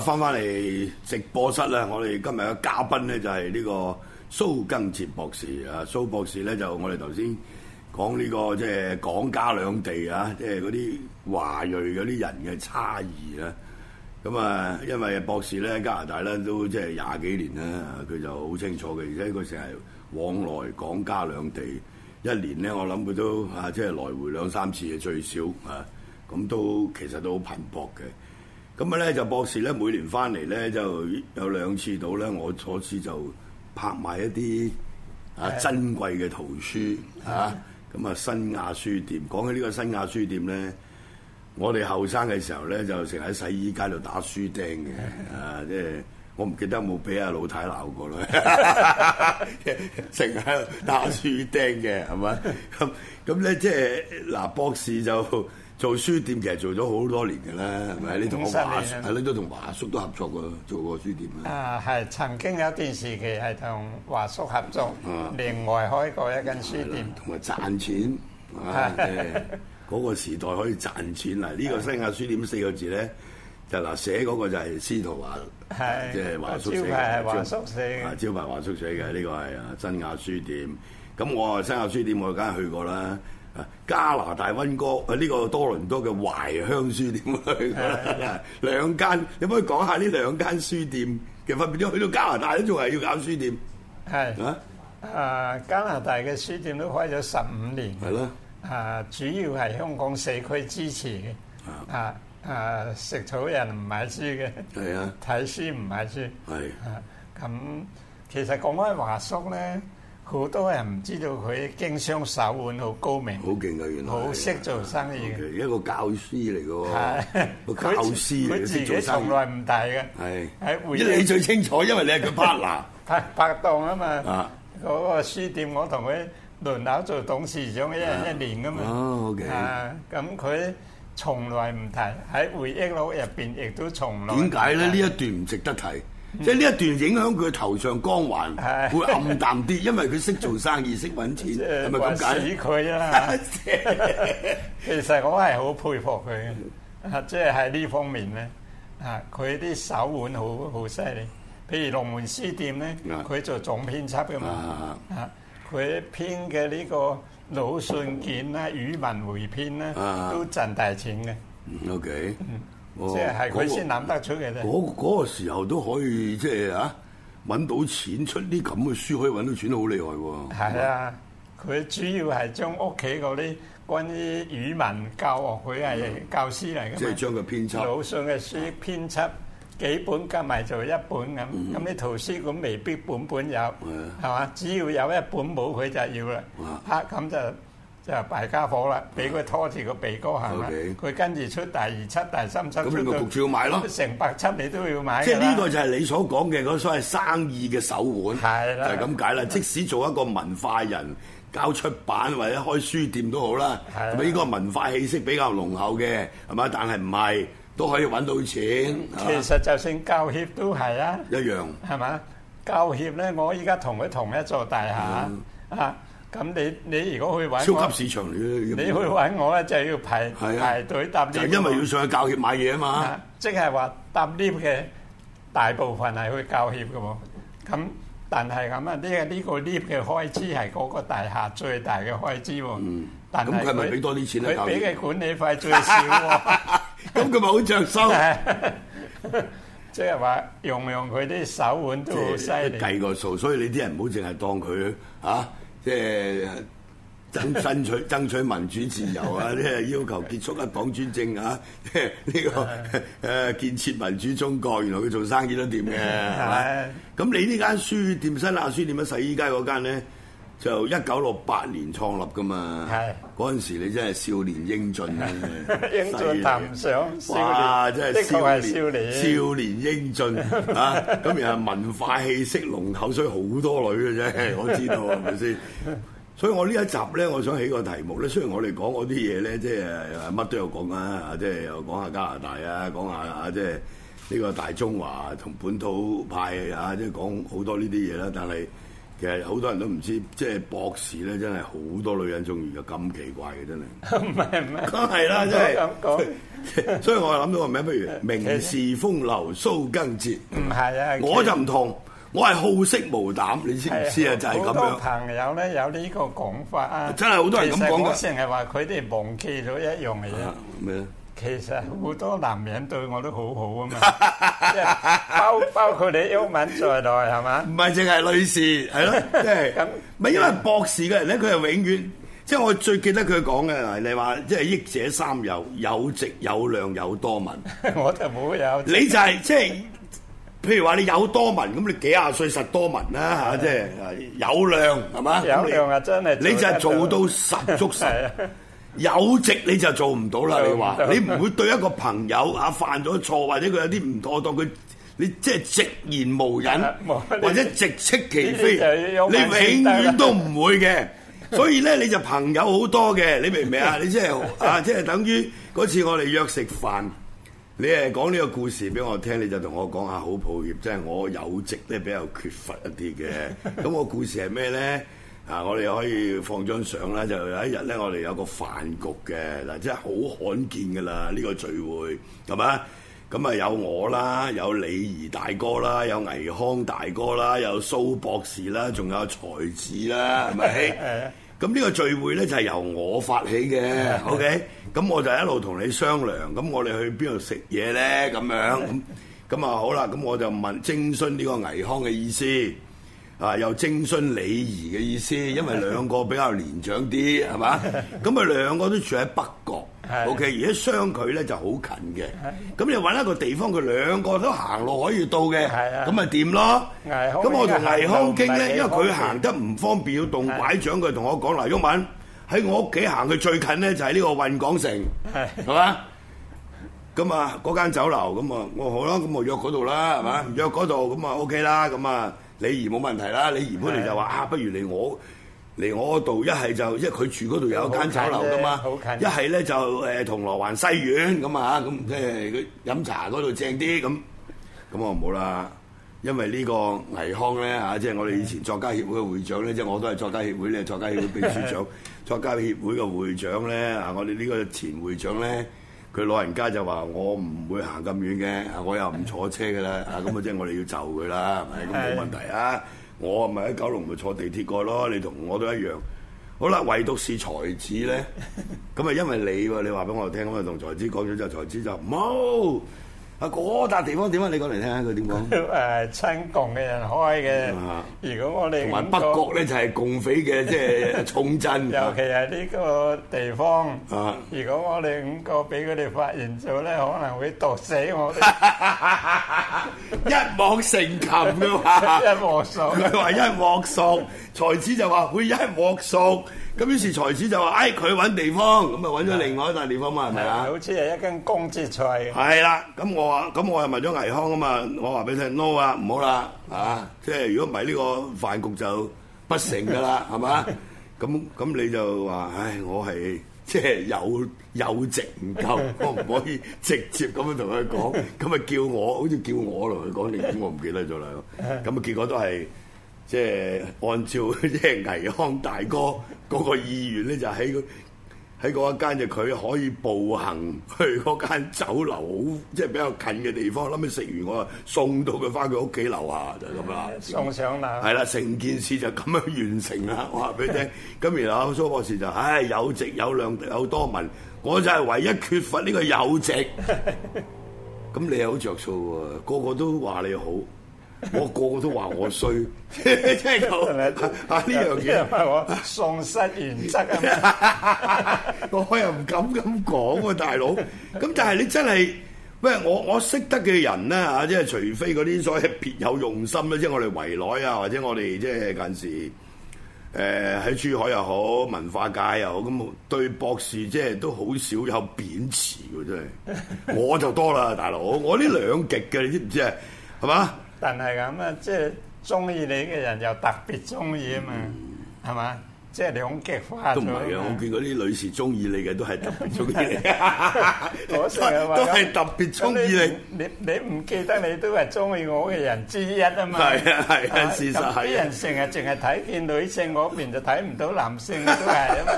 翻翻嚟直播室啦！我哋今日嘅嘉賓咧就係呢個蘇賡哲博士啊，蘇博士咧就我哋頭先講呢個即係港加兩地啊，即係嗰啲華裔嗰啲人嘅差異啦。咁啊，因為博士咧加拿大咧都即係廿幾年啦，佢、啊、就好清楚嘅，而且佢成日往來港加兩地，一年咧我諗佢都啊即係來回兩三次嘅最少啊，咁、啊、都其實都好頻撲嘅。咁啊咧就博士咧每年翻嚟咧就有兩次到咧，我嗰次就拍賣一啲啊珍貴嘅圖書嚇。咁啊，啊、嗯、啊新亞書店，講起呢個新亞書店咧，我哋後生嘅時候咧就成日喺洗衣街度打書釘嘅，啊即係、啊就是、我唔記得有冇俾阿老太鬧過啦，成日喺度打書釘嘅係嘛？咁咁咧即係嗱博士就。做書店其實做咗好多年嘅啦，係咪？你同華，係咯，都同華叔都合作過，做過書店啊。啊，係曾經有一段時期係同華叔合作，另外開過一間書店，同埋賺錢。嗰個時代可以賺錢啊！呢個新亞書店四個字咧，就嗱寫嗰個就係司徒華，即係華叔寫嘅。招牌華叔寫，招牌華叔寫嘅呢個係新亞書店。咁我新亞書店我梗係去過啦。加拿大溫哥啊呢、這個多倫多嘅懷鄉書店。去嘅兩間，你可以講下呢兩間書店嘅分別。都去到加拿大都仲係要搞書店？係是啊，誒，加拿大嘅書店都開咗十五年，係咯的，誒、啊，主要係香港社區支持嘅。啊啊，食草人唔買書嘅，係啊的，睇書唔買書，係的啊，咁其實講開華叔咧。好多人唔知道佢經商手腕好高明，好勁嘅，原來，好識做生意嘅，一個教師嚟嘅，佢教師佢自己從來唔提嘅，係喺回憶，你最清楚，因為你係佢 partner，拍拍檔吖嘛。嗰個書店我同佢輪流做董事長，一人一年㗎嘛。哦，好嘅。係啊，咁佢咧從來唔提，係喺回憶錄入邊亦都從來。點解咧？呢一段唔值得提？即係呢一段影響佢頭上光環、啊、會暗淡啲，因為佢識做生意、識揾 錢，係咪咁解？佢啊！其實我係好佩服佢嘅，啊，即係喺呢方面咧，啊，佢啲手腕好好犀利。譬如龍門書店咧，佢做總編輯嘅嘛，啊，佢編嘅呢個魯迅信件啦、語文回編啦，都賺大錢嘅。OK。即係佢先諗得出嘅啫，那個。嗰嗰個時候，都可以即係嚇揾到錢，出啲咁嘅書，可以揾到錢，好厲害喎。係啊，佢吧主要係將屋企嗰啲關於語文教學，佢係、嗯、教師嚟嘅，即係將佢編輯。魯迅嘅書編輯幾本加埋做一本咁，咁啲、嗯、圖書館未必本本有，係嘛、嗯啊？只要有一本冇，佢就要啦，吓、啊，咁就、啊。啊就係敗家伙啦！俾佢拖住個鼻哥行，佢跟住出第二七、第三七，咁你個焗住要買咯？成百七你都要買。即係呢個就係你所講嘅嗰所謂生意嘅手腕，的就係咁解啦。即使做一個文化人、搞出版或者開書店都好啦，係咪的？依個文化氣息比較濃厚嘅，係咪？但係唔係都可以揾到錢、嗯。其實就算教協都係啊，一樣係咪啊？教協咧，我依家同佢同一座大廈、嗯、啊。咁你你如果去揾超級市場你去揾我咧就係要排、啊、排隊搭 lift 因為要上去教協買嘢啊嘛。即係、啊就係、話搭 lift 嘅大部分係去教協嘅喎。咁但係咁啊，呢、呢個呢個 lift 嘅開支係嗰個大廈最大嘅開支。嗯、但咁佢係咪俾多啲錢？佢俾嘅管理費最少、啊。咁佢咪好着收？即係話用用佢啲手腕都好犀利。計個數，所以你啲人唔好淨係當佢嚇。啊即係爭爭取爭取民主自由啊！即係 要求結束一黨專政啊！即係呢個，誒建設民主中國。原來佢做生意都掂嘅，係咪？咁你呢間書店新亞書店，乜洗衣街嗰間咧？就一九六八年創立噶嘛，嗰陣是時你真係少年英俊啊！ 英俊談不上，哇的！嘩真係少年，少年，少年英俊 啊！咁又係文化氣息濃厚，所以好多女嘅啫，我知道係咪先？所以我呢一集咧，我想起個題目咧。雖然我哋講嗰啲嘢咧，即係乜都有講啊，即係又講下加拿大啊，講下啊，即係呢個大中華同本土派啊，即係講好多呢啲嘢啦，但係。其實好多人都唔知，即係博士咧，真係好多女人中意嘅，咁奇怪嘅真係。唔係唔係。梗係 啦，真係。所以，我諗到個名，不如名士風流蘇賡哲。唔係 啊！我就唔同，我係好色無膽，你知唔知啊？就係咁樣。好多朋友咧有呢個講法啊。 真係好多人都咁講過。成日話佢哋忘記咗一樣嘢。咩、 啊？其實好多男人對我都好好啊嘛，即係包包括你英文在內係嘛？唔係淨係女士係咯，即係唔係因為博士嘅人咧，佢係永遠即係我最記得佢講嘅，你話即係「益者三有，有直有量有多聞」，我就冇有。你就係即係譬如話你有多聞，咁你幾廿歲實多聞啦嚇，即係有量係嘛？有量啊，真係你就係做到十足十。有直你就做唔到啦！你話說你唔會對一個朋友啊犯咗錯，或者佢有啲唔妥當，佢你即係直言無隱，啊、或者直斥其非，你，你永遠都唔會嘅。 所以呢，你就朋友好多嘅，你明唔明啊？你即係啊，即係等於嗰次我哋約食飯，你係講呢個故事俾我聽，你就同我講下好抱歉，即係我有直咧比較缺乏一啲嘅。咁我故事係咩呢？啊！我哋可以放張相啦，就有一日呢，我哋有個飯局嘅嗱，真係好罕見嘅啦，呢個聚會係咪？咁啊有我啦，有李怡大哥啦，有倪匡大哥啦，有蘇博士啦，仲有才子啦，係咪？咁呢 個聚會呢，就係由我發起嘅 ，OK？咁我就一路同你商量，咁我哋去邊度食嘢呢？咁樣咁啊好啦，咁我就問徵詢呢個倪匡嘅意思。啊！又徵詢李儀嘅意思，因為兩個比較年長啲，係嘛？咁啊，兩個都住喺北角，OK。而家相距咧就好近嘅，咁你揾一個地方，佢兩個都行路可以到嘅，咁咪掂咯。咁我同黎康傾咧，因為佢行得唔方便要棟拐杖，佢同我講：毓民喺我屋企行去最近咧，就係呢個運港城，係嘛？咁啊，嗰間酒樓咁啊，我好啦，咁我約嗰度啦，係嘛？約嗰度咁啊，OK 啦，咁啊。李儀冇問題啦，李儀本嚟就話啊，的不如嚟我嚟我度，一係就因為佢住嗰度有一間酒樓噶嘛，一係咧就誒銅鑼灣西苑。」咁啊，咁即係佢飲茶嗰度正啲咁，咁我唔好啦，因為呢個倪康咧嚇，即係我哋以前作家協會嘅會長咧，即係的我都係作家協會咧，作家協會秘書長， 作家協會嘅會長咧，啊，我哋呢個前會長咧。的佢老人家就話：我唔會行咁遠嘅，我又唔坐車嘅啦。啊，咁啊，即係我哋要就佢啦，係咪？咁冇問題啊！我咪喺九龍咪坐地鐵過咯。你同我都一樣。好啦，唯獨是才子咧，咁啊，因為你喎、啊，你話俾我聽，我同才子講咗之後，才子就唔好。啊，嗰笪地方點啊？你講嚟聽下佢點講。誒、啊，親共嘅人開嘅。嗯啊、如果我哋同埋北角咧，就係共匪嘅，即係重鎮。尤其係呢個地方。啊！如果我哋五個俾佢哋發現咗咧，可能會毒死我哋。 一網成擒嘅話， 一鑊熟。佢話 一鑊熟， 才子就話會一鑊熟。咁於是才子就話，哎，佢揾地方，咁啊揾咗另外一笪地方嘛，係咪啊？好似係一間公蔗菜。係啦，咁我話，咁我係埋咗危康啊嘛，我話俾你聽，no 啊，唔好啦，啊，即係如果唔係呢個飯局就不成㗎啦，係嘛？咁咁你就話，唉，我係即係有有值唔夠，可唔可以直接咁樣同佢講？咁啊叫我，好似叫我同佢講，點我唔記得咗啦。咁啊結果都係。即係按照即係倪康大哥嗰個意願咧，就喺喺嗰一間就佢、是、可以步行去嗰間酒樓，好即係比較近嘅地方。諗住食完我啊送到佢翻佢屋企樓下就係咁啦，送上樓。係啦，成件事就咁樣完成啦，我話俾你聽。咁 然後蘇博士就唉、哎、有席有量有多文，我就係唯一缺乏呢個有席。咁 你好着數喎，個個，個都話你好。 我個個都話我衰，即係咁，係咪啊？呢樣嘢喪失原則，啊、哈哈我又唔敢咁講喎，大佬。咁但係你真係喂，我我識得嘅人咧嚇、啊，即係除非嗰啲所謂別有用心咧，即係我哋圍內啊，或者我哋即係近時誒喺、呃、珠海又好，文化界又好，咁對博士即係都好少有貶詞嘅，真係。 我就多啦，大佬，我呢兩極嘅，你知唔知啊？係嘛？但係咁啊，即係中意你嘅人又特別中意啊嘛，係嘛？即係兩極化咗。都唔係啊！我見過啲女士中意你嘅都係特別中意你。我成日都係特別中意你。你你唔記得你都係中意我嘅人之一啊嘛？係啊係啊，事實係。咁啲人成日淨係睇見女性嗰邊，就睇唔到男性都係啊嘛。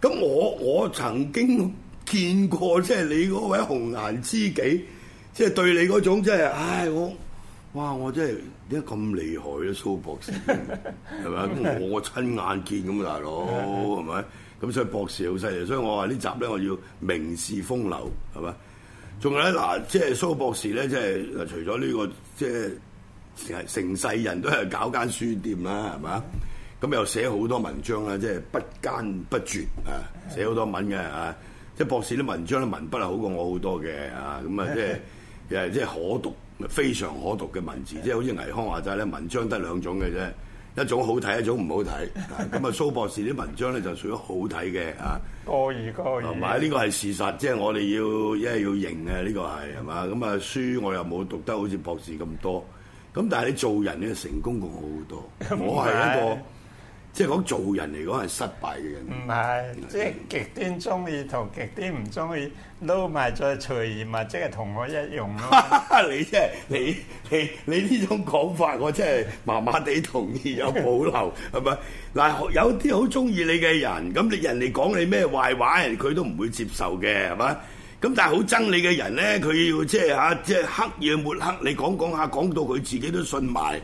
咁我我曾經見過，即係你嗰位紅顏知己，即係對你嗰種，即係唉我。哇！我真係點解咁厲害咧，蘇博士，係咪啊？我親眼見咁，大佬，係咪？咁 所以博士好犀利，所以我話呢集咧，我要名士風流，係咪？仲有咧嗱，即係蘇博士咧，即係除咗呢個即係成世人都係搞間書店啦，係咪啊？咁 又寫好多文章啦，即係不間不絕啊，寫好多文嘅啊，即係博士啲文章咧，文筆係好過我好多嘅啊，咁啊即係其實即係可讀。非常可讀嘅文字，的即係好似倪匡話齋咧，文章得兩種嘅啫，一種好睇，一種唔好睇。咁啊、 嗯，蘇博士啲文章咧就屬於好睇嘅啊。多餘，多餘。同埋呢個係事實，即係我哋要一係要認嘅呢、呢個係係嘛。咁啊、嗯，書我又冇讀得好似博士咁多。咁但係你做人咧成功共好多， 是我係一、嗰個。即係講做人嚟講係失敗嘅人。唔係是為，即係極端中意同極端唔中意撈埋再隨意，咪即係同我一樣咯、啊 就是。你真係你你你呢種講法，我真係麻麻地同意有保留，係咪？ 嗱，有啲好中意你嘅人，咁你人哋講你咩壞話，人佢都唔會接受嘅，係咪？咁但係好憎你嘅人咧，佢要即係嚇，即係黑夜抹黑，你講講下，講到佢自己都信埋。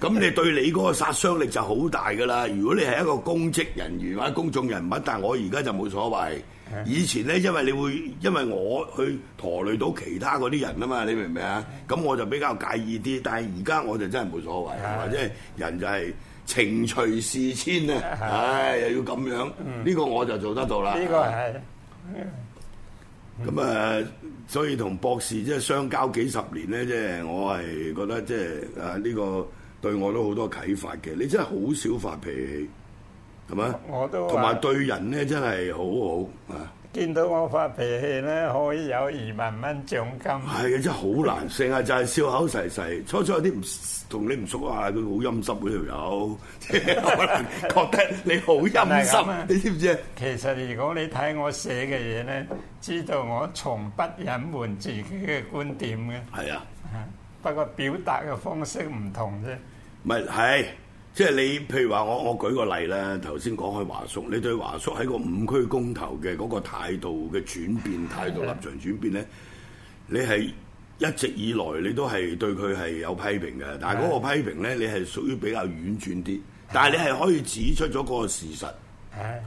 咁 你對你嗰個殺傷力就好大㗎啦！如果你係一個公職人員或者公眾人物，但係我而家就冇所謂。以前呢，因為你會因為我去陀累到其他嗰啲人啊嘛，你明唔明啊？咁我就比較介意啲，但係而家我就真係冇所謂，的或者人就係情隨事遷啊！唉的、哎，又要咁樣，呢、嗯、個我就做得到啦。呢、嗯這個係。咁啊的、嗯，所以同博士即係相交幾十年呢，即係我係覺得即係啊呢、這個。對我都好多啟發嘅，你真係好少發脾氣，係嘛？我都同埋對人咧真係好好啊！見到我發脾氣咧，可以有二萬蚊獎金。係、哎、啊，真係好難，成日就係笑口噬噬。初初有啲唔同你唔熟啊，佢好陰濕嗰條友，可能覺得你好陰濕啊！你知唔知啊？其實如果你睇我寫嘅嘢咧，知道我從不隱瞞自己嘅觀點嘅。係啊，啊，不過表達嘅方式唔同啫。唔係，係，即係你，譬如話我，我舉個例啦。頭先講開華叔，你對華叔喺個五區公投嘅嗰個態度嘅轉變，的態度立場轉變呢，你係一直以來你都係對佢係有批評嘅，但係嗰個批評呢，你係屬於比較婉轉啲，的但係你係可以指出咗嗰個事實，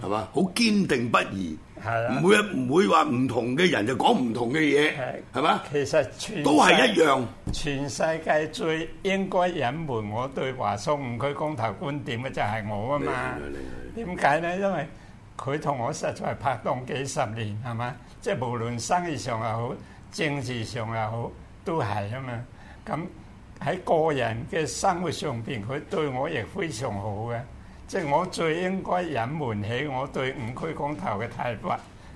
係嘛的？好堅定不移，係唔的會唔會話唔同嘅人就講唔同嘅嘢，係嘛？其實都係一樣。全世界最應該隱瞞我對華叔五區公投觀點嘅就係我啊嘛？點解咧？因為佢同我實在拍檔幾十年係嘛？即係無論生意上又好，政治上又好，都係啊嘛。咁喺個人嘅生活上邊，佢對我亦非常好嘅，啊。即係我最應該隱瞞起我對五區公投嘅態度。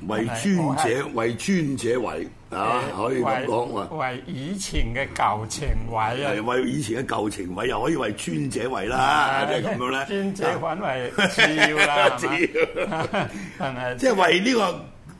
為尊者，是為尊者為，啊，欸、可以咁講話為以前嘅舊情位啊，為以前嘅舊情位又、啊、可以為尊者為啦，即係咁樣咧。尊者反為，次要啦，次要係咪？即係為呢、這個。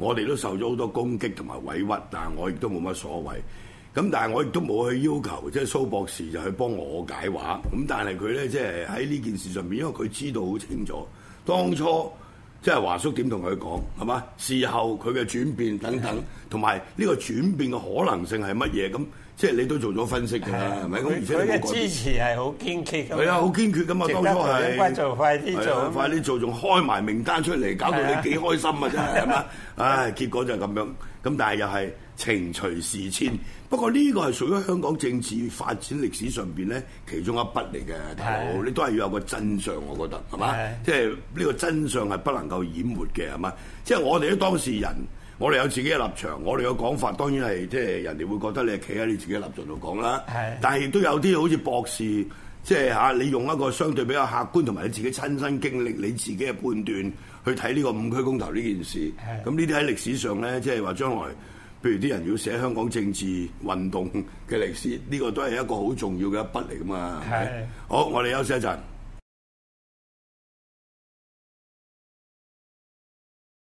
我哋都受咗好多攻擊同埋委屈，但係我亦都冇乜所謂。咁但係我亦都冇去要求，即係蘇博士就去幫我解話。咁但係佢咧，即係喺呢件事上面，因為佢知道好清楚，當初即係華叔點同佢講，係嘛？事後佢嘅轉變等等，同埋呢個轉變嘅可能性係乜嘢咁？即係你都做咗分析㗎啦，係咪咁？而且佢嘅支持係好堅決，係啊，好堅決㗎嘛！當初係做快啲做，快啲做，仲開埋名單出嚟，搞到你幾開心啊！真係係咪？唉，結果就係咁樣。咁但係又係情隨事遷。不過呢個係屬於香港政治發展歷史上邊咧其中一筆嚟嘅，大佬，你都係要有個真相，我覺得係嘛？即係呢個真相係不能夠掩沒嘅，係嘛？即係我哋啲當事人。我哋有自己嘅立場，我哋嘅講法當然係即係人哋會覺得你係企喺你自己立場度講啦。係，但係亦都有啲好似博士，即係嚇你用一個相對比較客觀同埋你自己親身經歷你自己嘅判斷去睇呢個五區公投呢件事。係，咁呢啲喺歷史上咧，即係話將來，譬如啲人要寫香港政治運動嘅歷史，呢個都係一個好重要嘅一筆嚟㗎嘛。係，好，我哋休息一陣。